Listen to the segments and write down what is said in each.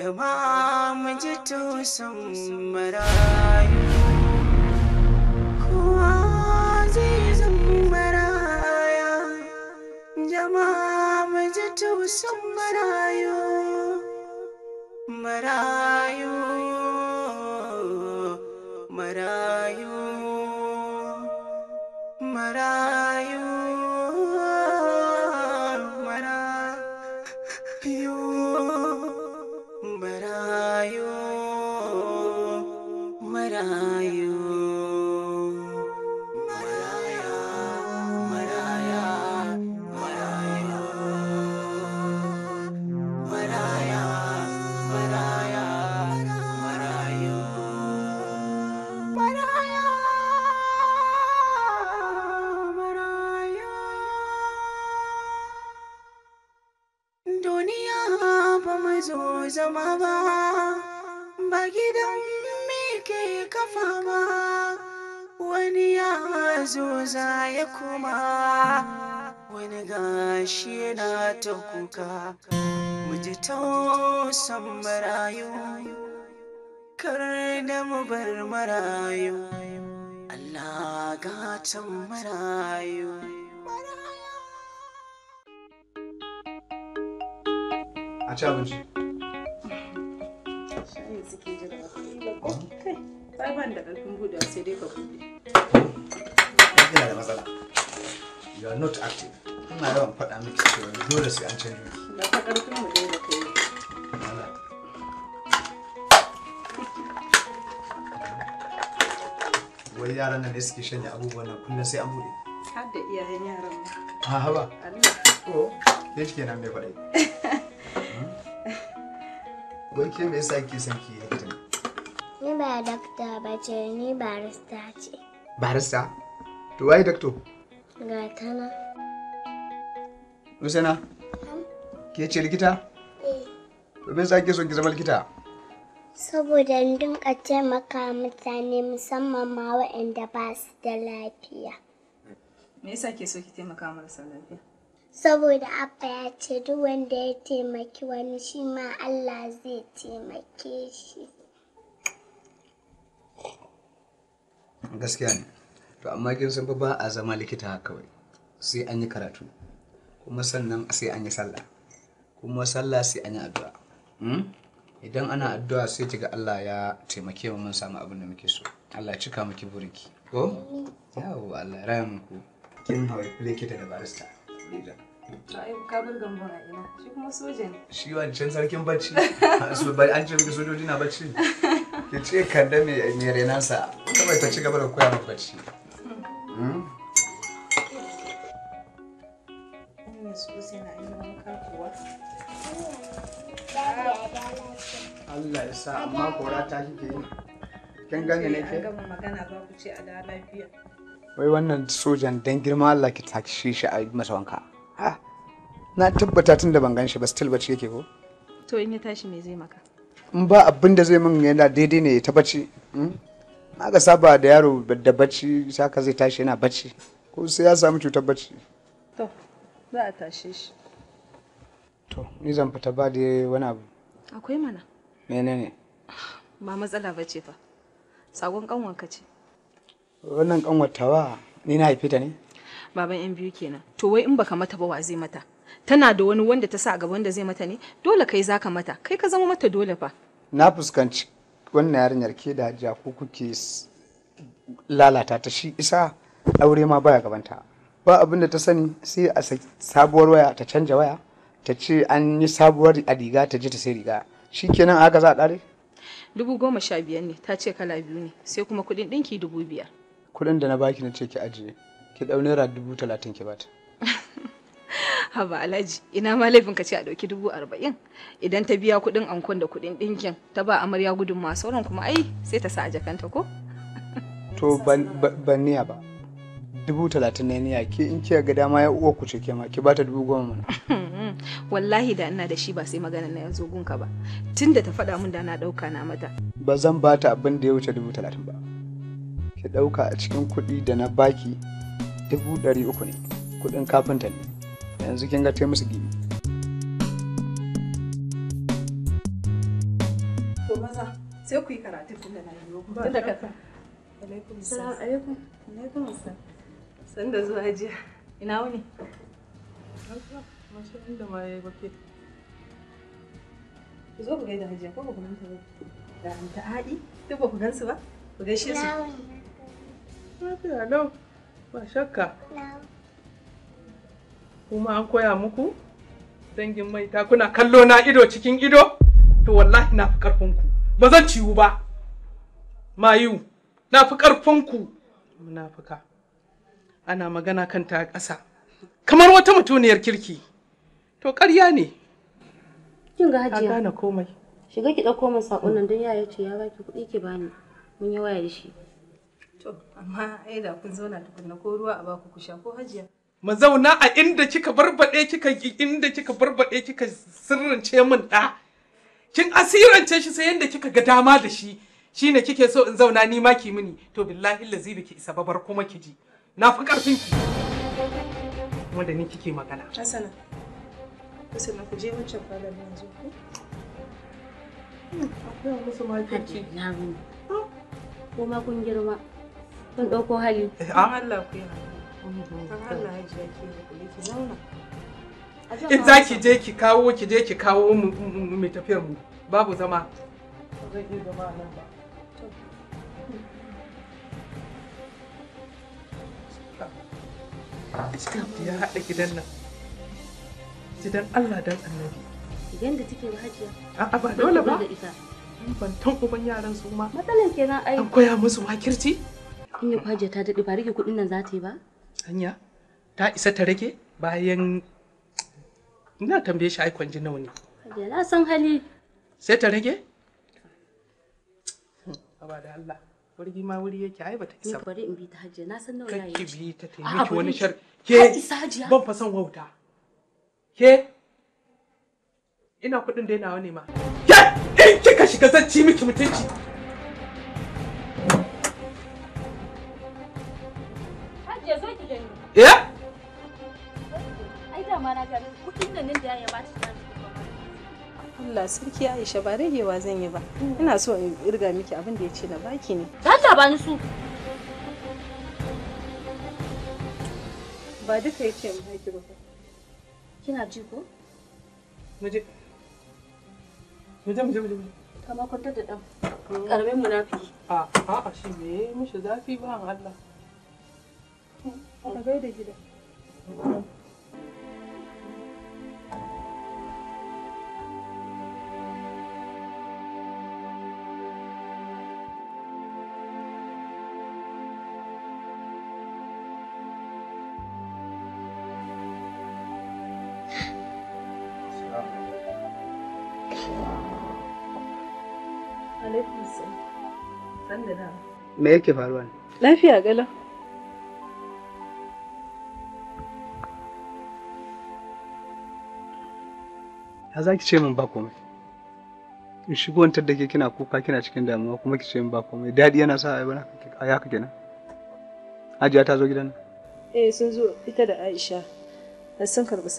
jama'a mu ji tusan marayu kowa zai zama maraya jama'a mu ji tusan marayu marayu marayu marayu kuma wani gashi na ta kuka muji ji tausan marayu kar da mu bar marayu Allah gatan marayu a ci abinci ba ban da ƙarfin buɗe sai dai ka buɗe yana da matsala you are not active ina yawan faɗa miki cewa dole sai an canza ki ba ta karfin mu dole kai wai yaran nan ne suke shanya abubuwan nan kullum sai an bude har da iyayen yaran mu ha ah, haba ko ne. shi kenan mai faɗai hmm? wai ke me yasa kike son ki likita ni ba dokta ba ce ni barista ce barista to wai dakto gatana. ta nan. Usaina? Ke ce likita? Domin eh. sa ke son ki zama likita? Saboda in dinka taimaka mutane musamman ma waɗanda ba su da lafiya. Me yasa ke so ki taimaka marasa lafiya? Saboda Abba ya ce duk wanda ya taimaki wani shi ma Allah zai taimake shi. Gaskiya ne. to amma kin san fa ba a zama likita kawai sai an yi karatu kuma sannan sai an yi sallah kuma sallah sai an yi addu'a hmm? idan ana addu'a sai kiga Allah ya taimake mu mun samu abin da muke so Allah ya cika miki buriki ko yawo Allah raya muku kin hawaye likita da barista ka shi wancan sarkin bacci an ce miki sojoji na bacci ki ce kanda mai renansa kawai ta ci gaba da koya maka bacci Allah ya sa amma kora ta yi. Kin gane ne ke? gama magana za ku ce a da lafiya. Wai wannan sojan dan girma Allah ki tashi shi a masa wanka. Ha? Na tabbata tun da ban gan shi ba still bacci yake ko? To in ya tashi me zai maka? In ba abin da zai min yana daidai ne ya tabbaci. Hmm? aka saba da yaro da bacci ka zai tashi yana bacci ko sai ya samu cutar bacci to za a tashe shi to ni zan fita ba da wani abu akwai mana menene ba matsala bace fa sagon kanwanka ce wannan tawa ni na haife ta ne baban yan biyu kenan to wai in baka mata ba wa zai mata tana da wani wanda ta sa gaban wanda zai mata ne dole kai zaka mata kai ka zama mata dole fa na fuskanci wannan yarinyar ke da hajiya ko kuke lalata ta shi isa aure ma baya gabanta ba abin da ta sani sai a sabuwar waya ta canja waya ta ce an yi sabuwar a riga ta je ta sai riga shi kenan aka za a ɗare? dubu goma sha biyar ne ta ce kala biyu ne sai kuma kuɗin ɗinki dubu biyar kuɗin da na baki na ce ki ajiye ki ɗau naira dubu talatin ki bata haba alhaji ina ma laifin ka ce a ɗauki dubu arba'in idan ta biya kuɗin ankon da kuɗin ɗinkin ta ba amarya gudunmawa sauran kuma ai sai ta sa a jakanta ko to ban niya ba dubu talatin na niya ke in kiya ga dama ya uwa ku ce ke ma ki bata dubu goma mana wallahi da ina da shi ba sai magana na yanzu gunka ba tunda ta faɗa min da na ɗauka na mata ba zan bata abin da ya wuce dubu talatin ba ki ɗauka a cikin kuɗi da na baki dubu ɗari uku ne kuɗin kafinta ne yanzu kin ga musu gini to sai da na yi tun da zuwa jiya ina wuni inda ma ku zo ku gaida hajiya ko ku ba da haɗi duk ba ku gansu ba ku gaishe su lafiya lau ba shakka kuma an koya muku dangin ta kuna kallo na ido cikin ido to wallahi na fi ku ba zan ciwu ba mayu na fi ku munafuka ana magana kanta ta ƙasa kamar wata mutuniyar kirki to ƙarya ne kin ga hajiya ka gane komai shiga ki ɗauko min sakon nan don yaya ce ya baki kuɗi ki bani mun yi waya da shi to amma ai da kun zauna tukunna ko ruwa a baku ku sha ko hajiya mu zauna a inda kika barbaɗe kika inda kika barbaɗe kika sirrance min ɗa kin asirance shi sai yanda kika ga dama da shi shine kike so in zauna ni ma ki mini to billahi lazi biki isa babar kuma ki ji na fi karfin ki kuma da ni kike magana hasana hasana ku je wancan falon yanzu hmm, akwai musu mafi na ko ma kun girma kun ɗauko hali eh, an ah. Allah ku yi in za ki je ki kawo ki je ki kawo mu tafiyar mu babu zama ya haɗa gidan nan gidan Allah annabi gidan da take hajiya a'a ba dole ba uban yaran su ma matsalan kenan ai an koya musu makirci yi ta daɗe ba rike kuɗin nan za ta yi ba hanya ta isa ta rage bayan ina tambaye shi aikon ji nawa ne na san hali sai ta rage ba da Allah wargi ma wuri yake ai bata isa bari in bi ta hajiya na san nawa yayi ki bi ta taimaki wani shar ke ban fa san wauta ke ina kudin yana wani ma ke in kika shiga zan ci miki mutunci ke so ki gani. Eh? Ai ma na gani kuɗin da nan da ya ba ta Allah sarki Aisha ba ragewa zan yi ba. Hmm. Ina so in irga miki abin da ya ce na baki ne. Allah ba ni su. Ba duka ya ce in ba. Kina ji ko? Muje. kwantar da hmm. A shi me mishi zafi ba Allah. Ka gaida gida. Me yake faruwa Lafiya gala. ya za ki ce min ba komai in shigowantar da ke kina kuka kina cikin damuwa kuma ki ce min ba komai daɗi yana sa a bana a yaka kenan hajiya ta zo gidan eh sun zo ita da aisha da sun karɓi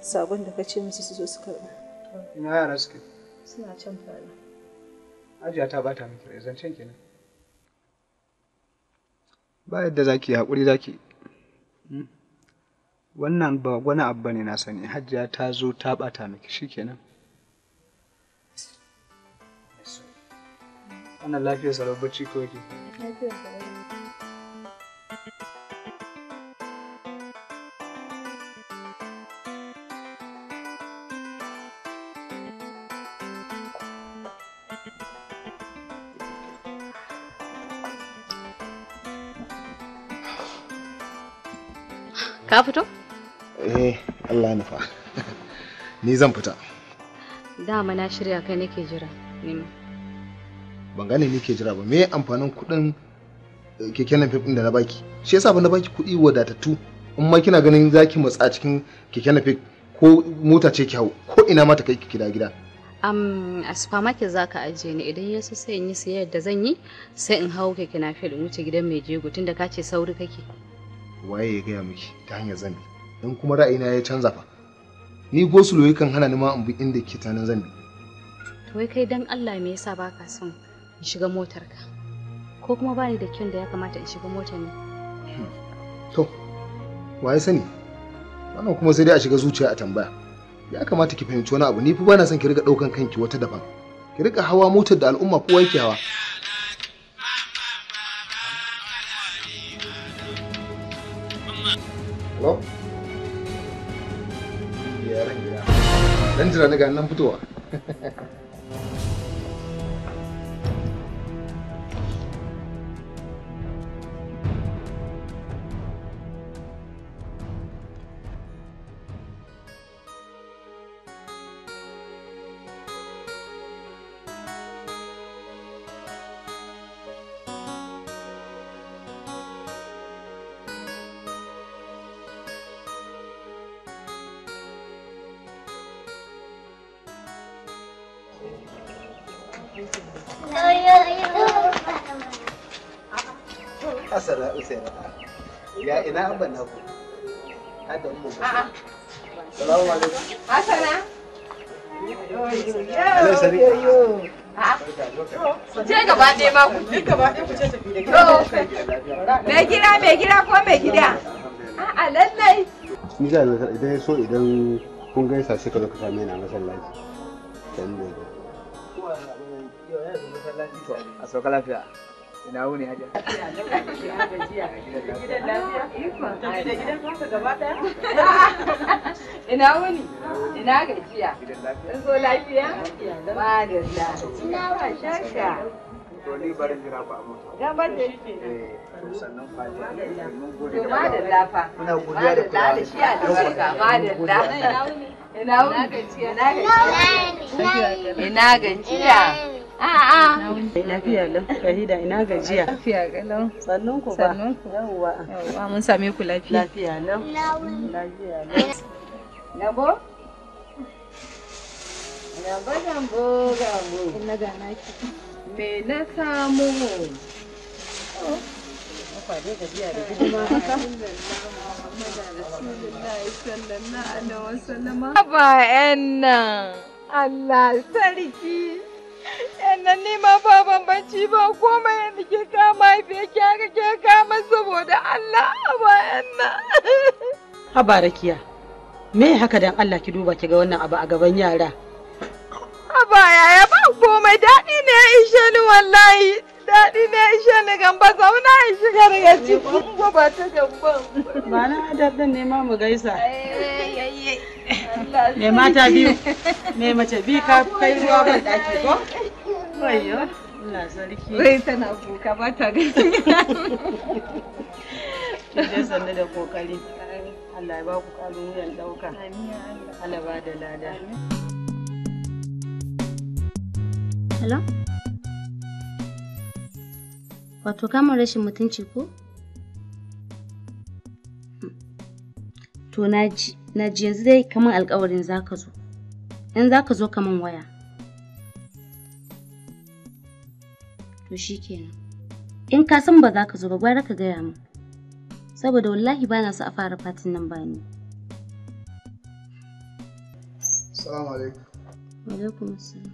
sabon da ka ce musu su zo su karɓi. ina yara suke suna can fara hajiya ta bata miki rai zancen kenan ba yadda zaki haƙuri zaki mm wannan ba wani abu bane na sani hajjiya ta zo ta bata miki shikenan ana lafiyar sarar bacci ko ke Ka fito? Eh, Allah nufa. Ni zan fita. Dama na shirya kai nake jira. Nima. Ban gane ni ke jira ba. Me amfanin kudin eh, keke napep ɗin da na baki? Shi yasa ba na baki kuɗi wadatattu. In ma kina ganin zaki matsa cikin keke napep ko mota ce ki hau ko ina ma ta kai ki gida gida. a supermarket za ka ajiye ni idan yasu sai in yi da zan yi sai in hau keke napep in wuce gidan mai jego tunda ka ce sauri kake. Waye ya gaya miki ta hanyar zambi? in kuma ra'ayina ya canza fa ni gosulo yakan hana ni ma in bi inda ke tanan zan bi to wai kai dan Allah me yasa baka son in shiga motar ko kuma bani da kyan da ya kamata in shiga motar ne hmm. to waye sani wannan kuma sai dai a shiga zuciya a tambaya ya kamata ki fahimci wani abu ni fa bana son ki riga daukan kanki wata daban ki riga hawa motar da al'umma kowa yake hawa 人知的那个人不多。ba ku duk gaba ɗaya ku ce tafi da gida mai gida mai gida ko mai gida a'a lallai ni da idan ya so idan kun gaisa sai ka zo ka same ni a masallaci dan ne a sauka lafiya ina wuni hajiya ina wuni ina gajiya zo lafiya ba da ina ba shaka to ni barin jira ba mu eh, to sannan mun gode da muna godiya da kula da shi ina wuni ina ina A'a. Ah, ah. Lafiya lau. Shahida ina gajiya. Lafiya Sannun ku ba. Sannun ku. Yawwa. Yawwa mun same ku lafiya. Lafiya lau. Lafiya lau. Yabo? Yabo gambo. Ina ga naki. me na samu Haba yan nan, Allah sarki, yan nan ni ma ba bambanci ba komai yadda ke kama fiye ke haka ke kama saboda Allah haba yan nan. Haba rakiya, me haka dan Allah ki duba ki ga wannan abu a gaban yara. Haba yaya ba komai daɗi ne ya ishe ni wallahi. Daɗi ne ya ishe ni gamba zauna shiga ba ta Ba na daɗin ne ma mu gaisa. Eh, mata biyu, mace ka kai ruwa ban ɗaki ko? Wayo. Wai tana kuka ba ta gaisa. da kokari. Allah ya ba ku ƙalubalen ɗauka. Allah ba da lada. Hello? Wato kamun rashin mutunci ko? Hmm. To na ji, yanzu dai kamar alkawarin za ka zo. In za ka zo kamar waya. To shi kenan. In ka san ba za ka zo ba gwara ka gaya min. Saboda wallahi ba na so a fara fatin nan ba ni. Assalamu alaikum. Wa alaikum assalam.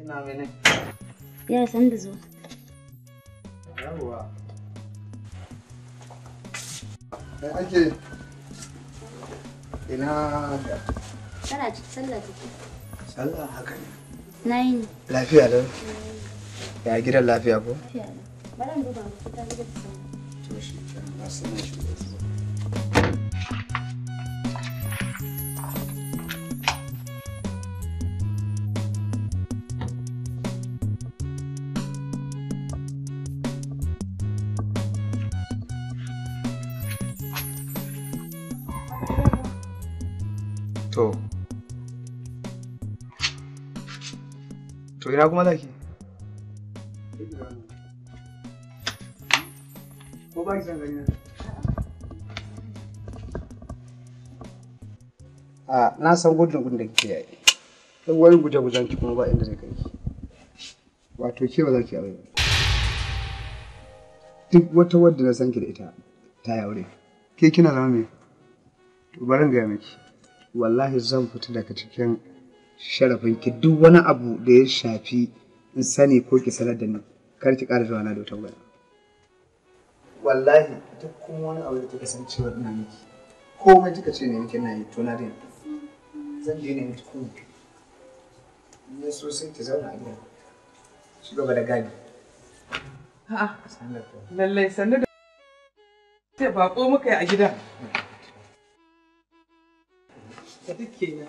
Ina ganin. Ya san da zuwa. Yawwa. ake ina da. Kana sallah take. Sallah haka ne. Na yi ne. Lafiya Ya gidan lafiya ko? Lafiya duba mu fita gidan To shi ba sanin shi ba. to ina na san gudun gudun da kike yi wani guje gujen ki kuma ba inda zai kai wato ke ba za ki duk wata wadda na san ki da ita ta yi aure ke kina zama me to bari ga miki wallahi zan fita daga cikin ki duk wani abu da ya shafi in sani ko ki sanar da ni kar ki ƙara zuwa na da wata wani wallahi duk kuma wani abu da kika san cewa ina miki mai kika ce ne miki na yi to na da zan je ne miki kuma ne so sai ki zauna a gidan shi gaba da gadi a'a lallai sanar da sai ko muka yi a gidan duk kenan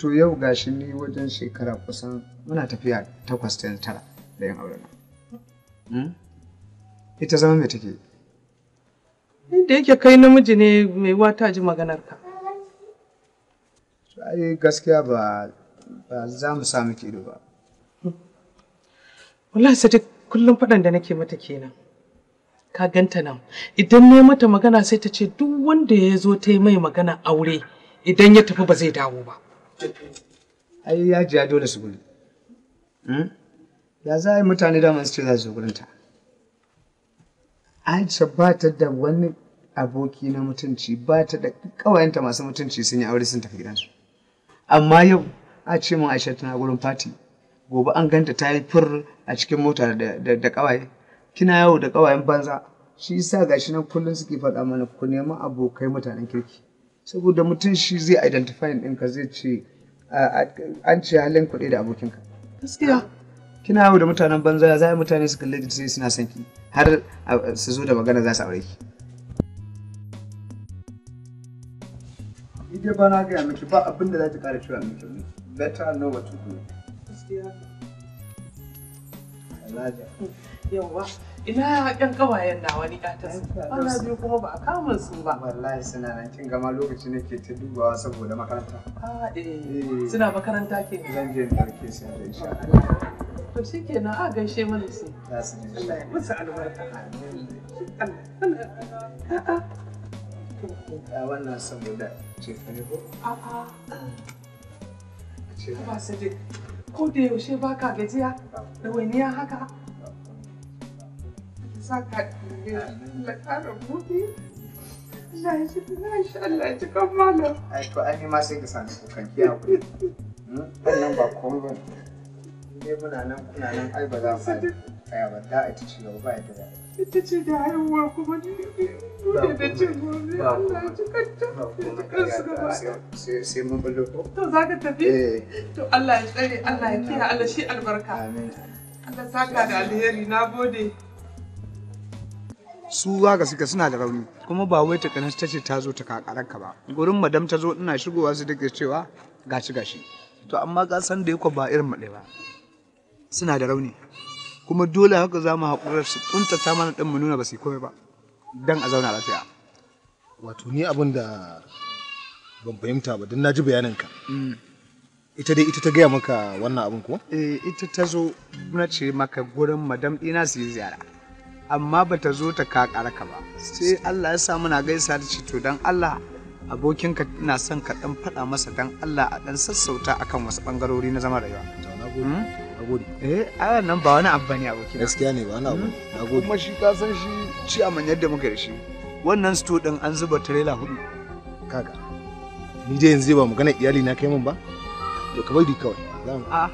to yau gashi ni wajen shekara kusan muna tafiya takwas ta tara da yin aure hmm? ita zama mai take da yake kai namiji ne mai wata ji maganar ka ai gaskiya ba ba za mu samu ki ido ba wallahi sai kullum faɗan da nake mata kenan ka ganta nan idan ne mata magana sai ta ce duk wanda ya zo ta yi mai magana aure idan ya tafi ba zai dawo ba ai ya ji dole su gudu hmm? ya za a yi mutane daman su ce za su gurinta aisha ba ta da wani aboki na mutunci ba ta da kawayenta masu mutunci sun yi aure sun tafi gidansu amma yau a ce min aisha tana gurin fati gobe an ganta ta yi fur a cikin mota da kawaye kina yawo da kawayen banza shi yasa gashi nan kullum suke faɗa mana ku neman abokai mutanen kirki saboda mutum shi zai identify ka zai ce an ce halin kuɗi da abokinka gaskiya kina yau da mutanen banza za mutane su kalli da sai suna son ki har su zo da magana za su aure ki Ije ba na gaya miki ba abin da za ki kara cewa miki better know what to do. Gaskiya. Yawwa. ina yan kawayen nawa ni ta ana biyu kuma ba a kama su ba wallahi suna nan kin gama lokaci nake ta dubawa saboda makaranta a ah, eh. eh suna makaranta ke zan je in dauke su da insha Allah to shikenan a gaishe mana su za su je Allah ya musu albarka amin Allah a wannan saboda ce ne ko a a ce ba sai ko da yaushe baka gajiya da wani haka saka da ƙara buɗe. Allah ya ji kuma shi Allah ya ji kan malam. Ai to ai ma sai ka sani kukan kiya ku. Wannan ba komai ba. Dai muna nan kuna nan ai ba za mu faɗi. Ai ba da a ce gaba ba ita ba. Ita ce da haihuwa kuma ni bude da cin gobe Allah ya ji kanta. Ya ji kansu gaba. Sai mun bullo ko. To za ka tafi? To Allah ya tsare Allah ya kiyaye Allah shi albarka. Amin. Allah saka da alheri na gode. su haka suka suna da rauni kuma ba wai takanas ta ce ta zo ta ka ba gurin madam ta zo ina shigowa su take cewa gashi gashi to amma ka san da yake ba irin mu ba suna da rauni kuma dole haka za mu haƙurar su kuntata mana ɗin mu nuna ba su kome ba dan a zauna lafiya wato ni abin da ban fahimta ba don na ji bayaninka mm. ita dai ita ta gaya maka wannan abin ko eh ita ta zo na ce maka gurin madam ɗina su yi ziyara amma ba ta zo ta kakara ka ba sai Allah ya sa muna gaisa da ce to dan Allah abokinka ina son ka dan faɗa masa dan Allah a dan sassauta akan wasu bangarori na zama rayuwa nagode hmm? eh a nan ba wani abu ne abokin gaskiya ne ba wani abu hmm? nagode kuma shi ka san shi ci aman yadda muka da shi wannan sto din an zuba trailer hudu kaga ni dai yanzu ba magana iyali na kai min ba to ka bari kawai a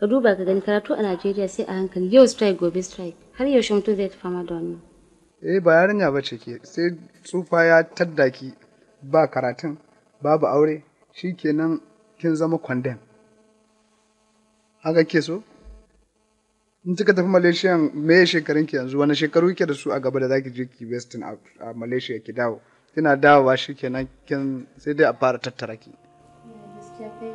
ka duba ka gani karatu a Najeriya sai a hankali yau strike gobe strike har yaushe mutum zai fama da wannan eh ba yarinya ba ce ke sai tsufa ya taddaki ba karatun babu aure shikenan kin zama condemn haka ke so in kika tafi Malaysia me shekarun ki yanzu wani shekaru kike da su a gaba da zaki je ki western a Malaysia ki dawo kina dawowa shikenan kin sai dai a fara tattara ki gaskiya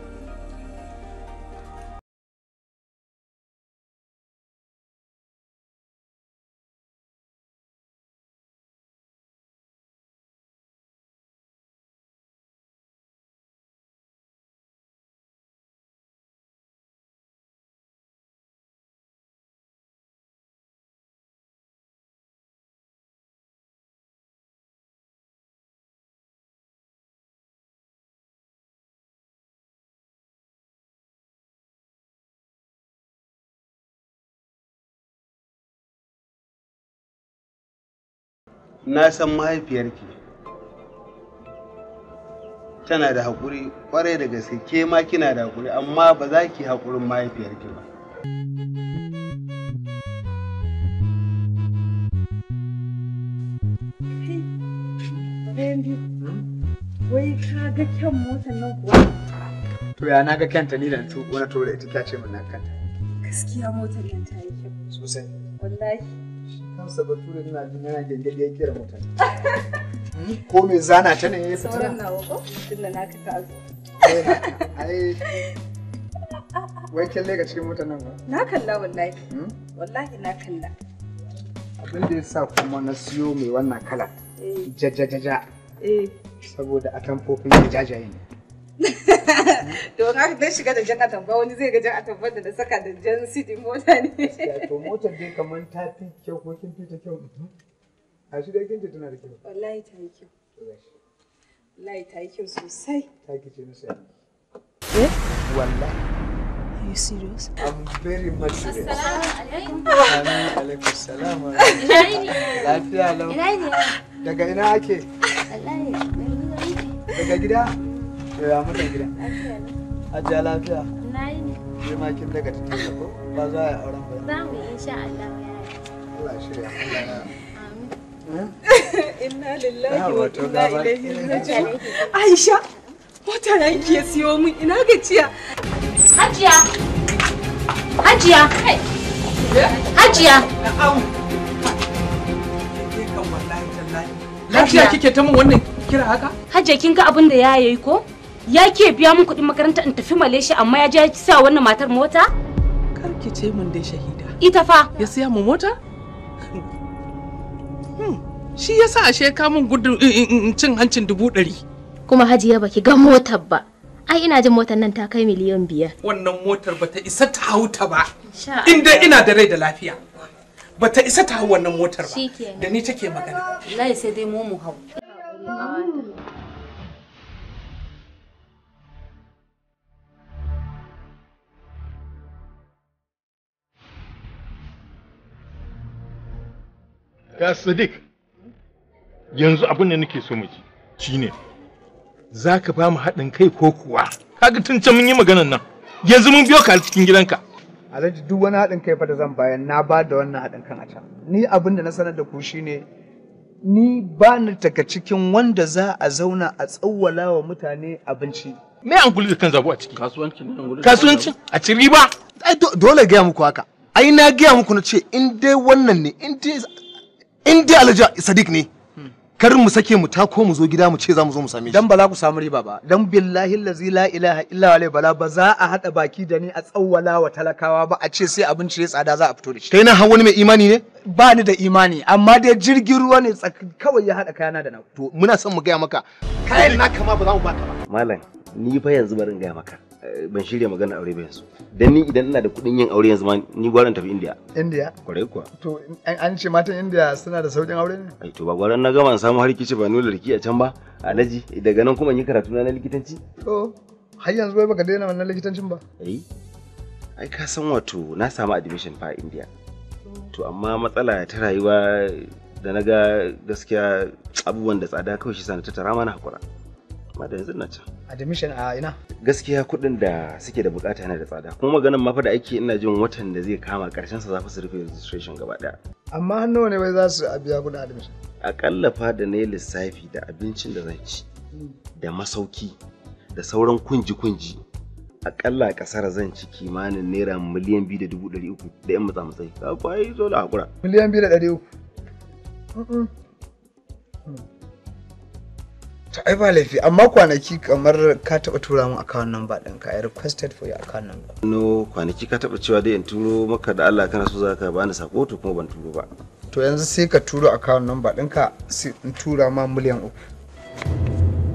na san mahaifiyarki tana da haƙuri ƙwarai da gaske ke ma kina da haƙuri amma ba za ki haƙurin mahaifiyarki ba Wai ka ga kyan motar nan kuwa? To ya na ga kyanta ni da wani tura ita ta ce min na kanta. Gaskiya motar nan ta yi kyau. Sosai. Wallahi. ba bature ina jin yana gengedi ya kera mutane ko mai zana ta ne ya fita sauran na wako tunda na ka tazo eh, ai wai kyalle ga cikin mutanen ba na kalla wallahi hmm? wallahi na kalla abin da ya sa kuma na siyo mai wannan kala eh. jajajaja eh. saboda a atamfofin jajaye ne to ka ga dan shiga da jan atamba wani zai ga jan atamba da na saka da jan city mota ne to motar dai kamar ta fi kyau ko kin fi ta kyau mm-hmm. a shi dai kinta tana da kyau wallahi ta yi kyau wallahi ta yi kyau sosai ta ki ce na eh wallahi Are you serious? I'm very much serious. Assalamu alaikum. Assalamu alaikum. Lafiya lau. Daga ina ake? Daga gida? To ya muka gida? lafiya. Na yi ne. Shi kin daga cikin ko ba za a yi auren ba. Za mu Allah ya yi. Allah ya. Eh? Inna lillahi wa inna ilaihi raji'un. Aisha, siyo min ina gajiya. Hajiya. Hajiya. Hajiya. kike ta wannan kira haka? Hajiya kin ga abin da ya yi ko? ya ke biya min kuɗin makaranta in tafi Malaysia amma ya je ya sa wannan matar mota? Kar ki ce mun dai shahida. Ita fa? Ya siya mu mota? Hmm, shi ya sa ashe ka mun gudun cin hancin dubu ɗari. Kuma hajiya baki ga motar ba. Ai ina jin motar nan ta kai miliyan biyar. Wannan motar bata isa ta hauta ba. Inda ina da rai da lafiya. Bata isa ta hau wannan motar ba. Da ni take magana. Wallahi sai dai mu mu hau. ya sadiq yanzu abin da nake so mu shine za ka ba mu haɗin kai ko kuwa kaga tun can mun yi maganar nan yanzu mun biyo ka cikin gidanka alhaji duk wani haɗin kai fa da zan bayar na ba da wannan haɗin kan a can ni abin da na sanar da ku shine ni ba ni daga cikin wanda za a zauna a tsawwala wa mutane abinci me an kuli da kan zabu a ciki kasuwanci kasuwanci a ci riba dole gaya muku haka ai na gaya muku na ce in dai wannan ne in dai in dai alhaji sadiq ne kar mu sake mu ko mu zo gida mu ce za mu zo mu same shi dan ba za ku samu riba ba dan billahi allazi la ilaha illa huwa bala ba za a hada baki da ni a tsawwala wa talakawa ba a ce sai abinci ya tsada za a fito da shi kai na har wani mai imani ne ba ni da imani amma dai jirgin ruwa ne kawai ya hada kayana da na to muna son mu gaya maka kayan na kama ba za mu baka ba malam ni fa yanzu barin gaya maka ban shirya magana aure ba yanzu dan ni idan ina da kuɗin yin aure yanzu ma ni gwaran tafi India India kwarai kuwa to an ce matan India suna da saukin aure ne ai to ba gwaran na gama samu harkici ba nuna riki a can ba alaji daga nan kuma in yi karatu na likitanci to har yanzu bai baka daina wannan likitancin ba ai ai ka san wato na samu admission fa India to amma matsala ta rayuwa da na ga gaskiya abubuwan da tsada kawai shi sana ta tara mana hakura ma da yanzu na can admission a ina gaskiya kuɗin da suke da bukata yana da tsada kuma maganin mafa da ake ina jin watan da zai kama karshen sa za su rufe registration gaba daya amma hannu ne bai za su biya kuɗin admission akalla fa da ne lissafi da abincin da zan ci da masauki da sauran kunji-kunji akalla a ƙasar zan ci kimanin naira miliyan biyu da dubu ɗari uku da yan matsa matsayi ka kwayi zo da hakura miliyan biyu da ɗari uku mm. to ai ba laifi amma kwanaki kamar ka taba tura mu account number ka i requested for your account number no kwanaki ka taba cewa dai in turo maka da Allah kana so za ka bani sako to kuma ban turo ba to yanzu sai ka turo account number ɗinka sai in tura ma miliyan uku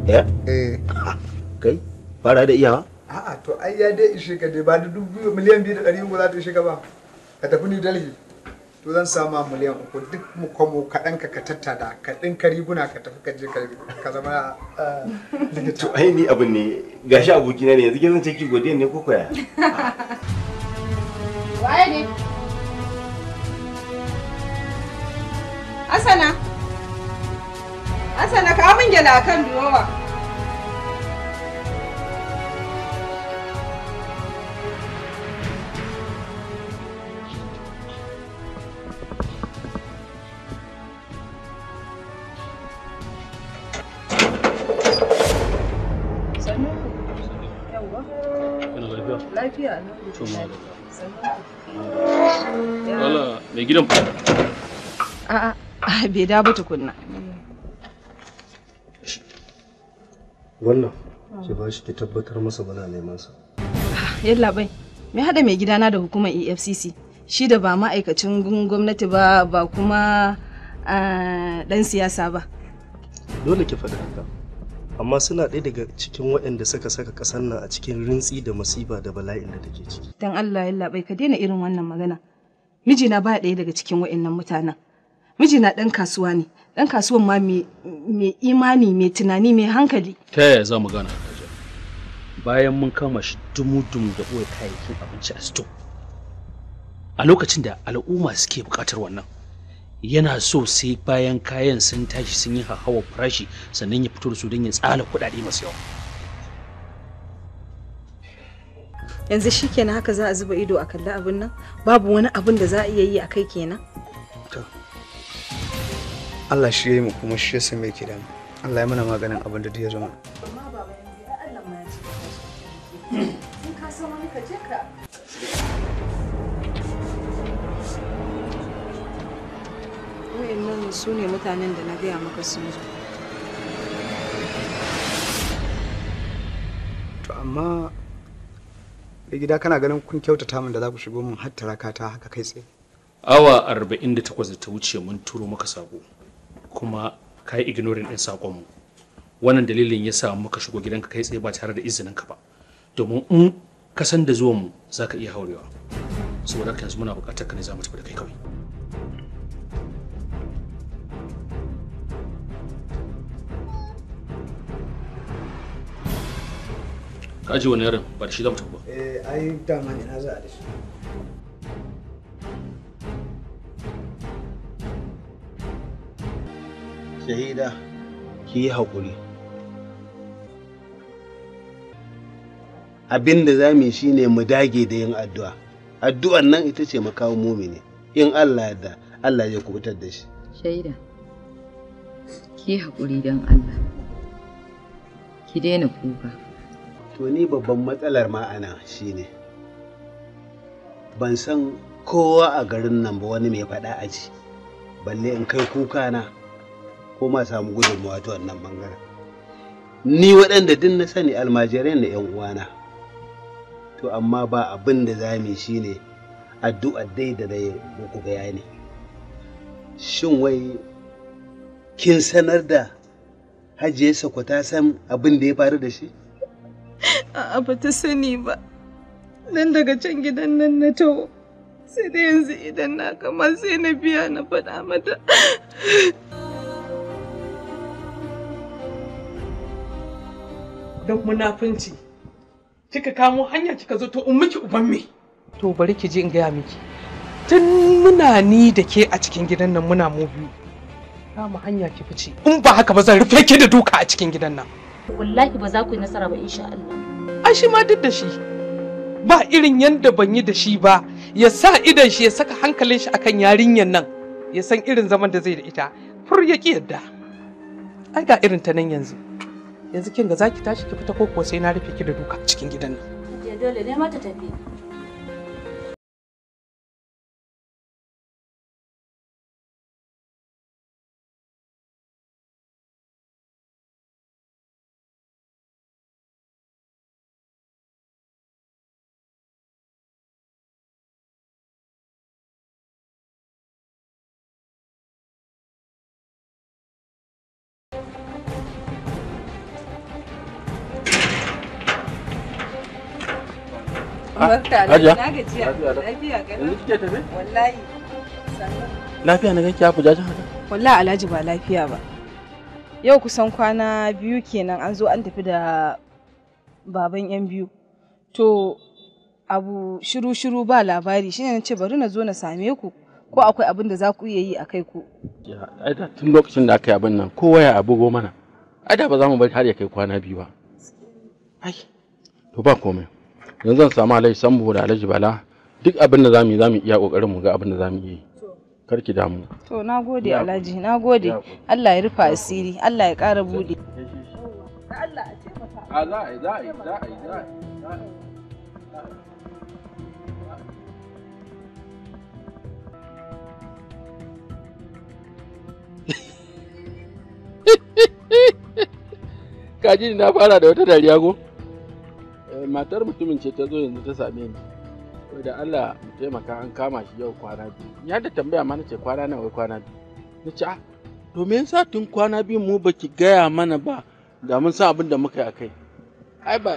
eh eh kai fara da iyawa a'a to ai ya dai ishe ka dai ba da dubu miliyan biyu da ɗari uku za ta ishe ka ba ka tafi ni dalhi to zan sama miliyan uku duk mu kwamo kaɗan ka tattada ka ɗinka riguna ka tafi ka je ka zama eh, likita. To ainihi abin ne gashi abokina ne yanzu zan ce ki godiya ne ko koya. Waye ne? Asana. Asana ka mun gyala kan durowa. Wala, mai gidan fa. A'a, bai da ba tukunna. Wannan, ki ba shi ki tabbatar masa bana neman sa. Yalla bai, me hada mai gidana da hukumar EFCC? Shi da ba ma'aikacin gwamnati ba, ba kuma dan ah, siyasa ba. Dole ki faɗi haka. amma suna ɗaya daga cikin waɗanda suka saka ƙasar nan a cikin rintsi da masifa da bala'in da take ciki. Dan Allah ya labai ka daina irin wannan magana. Mijina baya ɗaya daga cikin waɗannan mutanen. Mijina ɗan kasuwa ne, ɗan kasuwan ma mai imani, mai tunani, mai hankali. Ta yaya za mu gana Bayan mun kama shi dumu-dumu da ɓoye kayayyakin abinci a sito. A lokacin da al'umma suke buƙatar wannan, yana so sai bayan kayan sun tashi sun yi hawa farashi sannan ya fito da su don ya tsala kuɗaɗe masu yawa yanzu shi kenan haka za a zuba ido a kalli abin nan babu wani abin da za a iya yi a kai kenan Allah shi yi mu kuma shi ya san me ke Allah ya mana maganin abin da ya zama amma baba yanzu Allah ma ya ce ka san wani ka je ka wayannan su ne mutanen da na gaya maka sun zo to amma da gida kana ganin kun kyautata min da za ku shigo min har taraka ta haka kai tsaye awa arba'in da da ta wuce mun turo maka sako kuma kai ignoring din sakon mu wannan dalilin ya sa muka shigo gidanka kai tsaye ba tare da izinin ka ba domin in ka san da zuwan mu ka iya haurewa saboda haka yanzu muna buƙatar ka ne za mu tafi da kai kawai ka ji wani yaron ba da shi zamu tafi ba eh ai dama na za a da shi shahida ki yi haƙuri abin da za mu shi ne mu dage da yin addu'a addu'an nan ita ce makawo mumini in allah da allah ya kubutar da shi shaida ki yi haƙuri don allah ki daina kuka to ni babban matsalar ma'ana shine ban san kowa a garin nan ba wani mai faɗa a ci balle in kai kuka na ko ma samu gudunmawa wato wannan bangaren ni waɗanda din na sani almajirai na 'yan uwana to amma ba abin da za mu shi addu'a dai da dai muku bayani shin wai kin sanar da hajiya sako ta san abin da ya faru da shi A'a ba ta sani ba. Nan daga can gidan nan na taho. Sai da yanzu idan na kama sai na biya na faɗa mata. Don munafunci. Kika kamo hanya kika zo to in miki uban me. To bari ki je in gaya miki. Tun muna ni da ke a cikin gidan nan muna mu biyu. Kama hanya ki fice. In ba haka ba zan rufe ki da duka a cikin gidan nan. wallahi ba za ku yi nasara ba insha Allah ai shi ma duk da shi ba irin yadda ban yi da shi ba ya sa idan shi ya saka hankalin shi akan yarinyar nan ya san irin zaman da zai da ita fur ya ki yadda ai ga irin ta nan yanzu yanzu kin ga zaki tashi ki fita ko kuwa sai na rufe ki da duka cikin gidan nan dole ne ma tafi na Lafiya na ganki haka? Wallahi Alhaji ba lafiya ba. Yau kusan kwana biyu kenan an zo an tafi da baban yan biyu. To abu shiru-shiru ba labari shine na ce bari na zo na same ku ko akwai abin da za ku iya yi a kai ku. Ai da tun lokacin da aka yi abin nan kowa ya abugo mana. Ai da ba za mu bari har ya kai kwana biyu ba. Ai to ba komai. yanzu zan samu alai sambo da alhaji bala duk abin da zamu yi zamu iya kokarin mu ga abin da zamu yi ki damu to nagode alhaji nagode Allah ya rufa asiri Allah ya ƙara bude Allah a taimaka a za a za a za a za a kaji na fara da wata dariya ko matar mutumin ce ta zo yanzu ta same ni wai da Allah mu taimaka an kama shi yau kwana biyu ya da tambaya ma ce kwana nawa wai kwana biyu Na ah to me yasa tun kwana biyu mu baki gaya mana ba da mun san abin da muka yi akai ai ba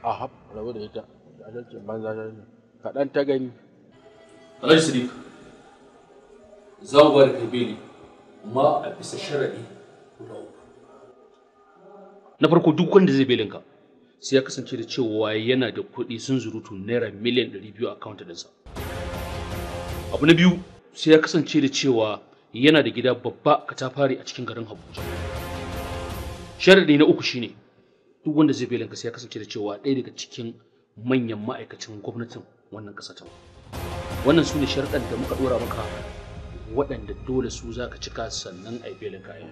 a hab rabu da ita adalci banza ta ne kaɗan ta gani Alhaji Sadiq kabili ma a bisa sharaɗi na farko duk wanda zai belinka sai ya kasance da cewa yana da kuɗi sun zurutu naira miliyan 200 a akawunta sa. abu na biyu sai ya kasance da cewa yana da gida babba katafari a cikin garin abuja sharaɗi na uku shine duk wanda zai belin sai ya kasance da cewa ɗaya daga cikin manyan ma'aikacin gwamnatin wannan ƙasa wannan su ne sharaɗan da muka ɗora maka waɗanda dole su za ka cika sannan a yi belin a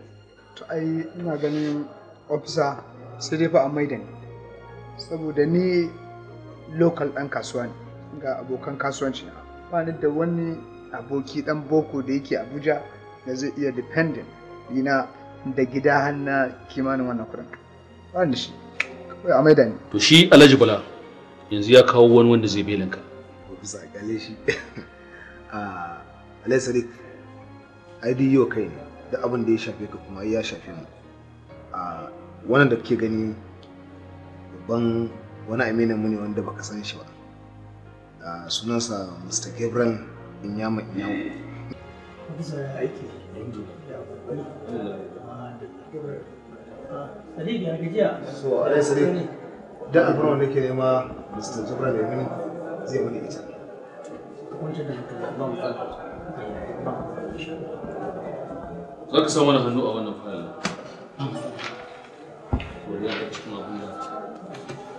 to ai ina ganin ofisa sai dai fa a maida saboda ni lokal ɗan kasuwa ne ga abokan kasuwanci na ba ni da wani aboki ɗan boko da yake abuja da zai iya dependent dina da gida hannu kimanin wannan kudin ba ni shi kawai a maida ne to shi alhaji bala yanzu ya kawo wani wanda zai belin ka bisa kale shi a ah, alai sadiq ai duk yau kai ne da abin da ya shafe ka kuma ya shafe mu a ah, wannan da kake gani babban wani aminin mu ne wanda baka san shi ba a sunansa mr gabriel inyama inyamu bisa aiki so a ke nema mr gabriel ya mini zai mini ita za ka wani hannu a wannan fayil. Godiya da cikin abin da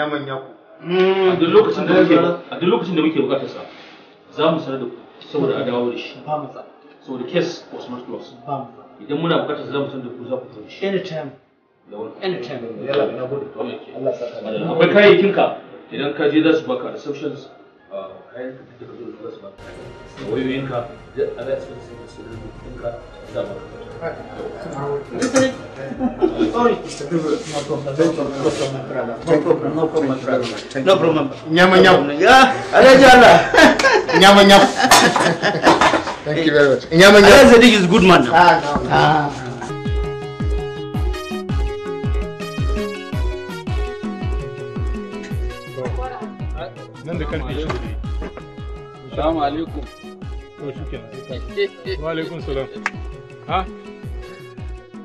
yaman yaku hmm. a duk lokacin da muke a duk lokacin da muke bukatar sa za mu sanar da ku saboda a dawo da shi ba mu sa saboda case was not closed ba mu sa idan muna bukatar za mu sanar da ku za ku tafi shi anytime anytime yalla na gode Allah saka akwai kayayyakin ka idan ka je za su baka receptions and particular to the first one. Свою инка, а that's what it's called, инка, замок. No problem. Nyama nyam. Yeah, Nyama nyam. Thank you very much. Nyama nyam. Zedig is good man. Ah, no, no. Ah. Nan da kan Salamu alaikum. To shi kenan. Eh, eh, eh. Wa alaikum salam. Ha?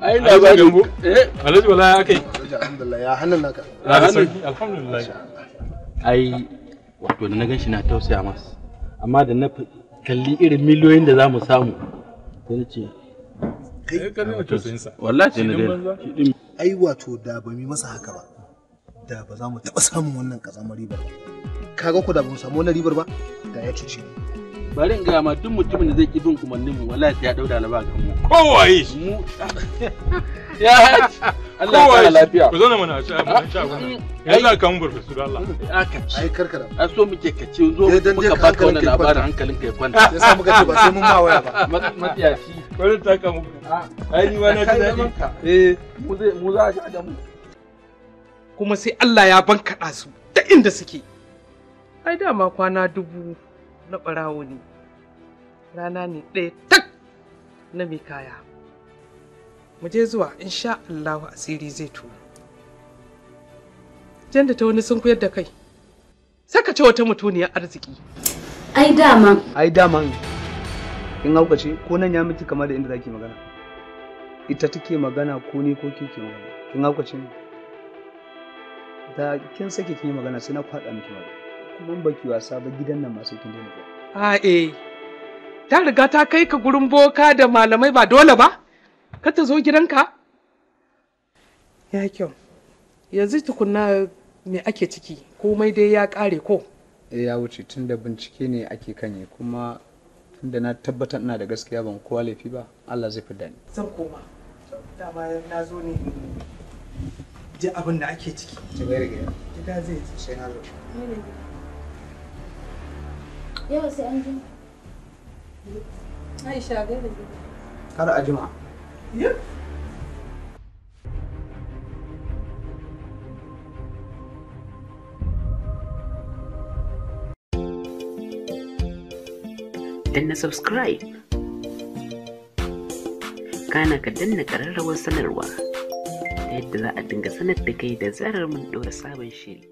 Ai labarin mu. Eh, Alhaji ya kai. Alhamdulillah ya hannun naka. Ya hannun. Alhamdulillah. Ai wato da na ganshi na tausaya masa. Amma da na kalli irin miliyoyin da za mu samu ce sa. Wallahi Ai wato da ba mi masa haka ba. Da ba za mu taɓa samun wannan ƙazamari ba. kaga ku da ban samu wani ribar ba da ya cuce bari in ga ma duk mutumin da zai ki bin umarnin mu wallahi ya dauda alaba ga mu kowaye mu ya Allah ya kara lafiya ku zauna mana a shago ya za ka mun mu su da Allah aka ai karkara a so muke kace zo eh, mu ka baka wannan labarin hankalin ka ya kwanta sai sa muka ce ba sai mun ma waya ba matsiyaci bari ta ka muku ah. ai ni wani na ji daɗi eh mu zai mu za a sha da mu kuma sai Allah ya bankaɗa su da inda suke ai dama kwana dubu na ɓarawo ne rana ne ɗaya tak na mai kaya mu je zuwa insha Allah asiri zai tuni jan da ta wani sun koyar da kai ka ce wata mutuniyar arziki ai dama ai dama in hauka ce ko nan ya miki kamar da inda zaki magana ita take magana ko ni ko kike magana kin hauka ce da kin sake kin magana sai na kwada miki magana kuma ba ki wasa ba gidan nan masu kin daina a ah, eh ta riga ta kai ka gurin boka da malamai ba dole ba ka ta zo gidanka ya kyau yanzu tukunna me ake ciki komai dai ya kare ko eh ya wuce tunda bincike ne ake kanye kuma tunda na tabbatar ina da gaskiya ban kowa laifi ba Allah zai fidda ni zan koma dama na zo ne ji abin da ake ciki gida zai ci sai na zo Yau sai an jima. Aisha gaida gida. Kar a jima. danna subscribe kana ka danna ƙararrawar sanarwa ta yadda za a dinga sanar da kai da zarar mun ɗora sabon shiri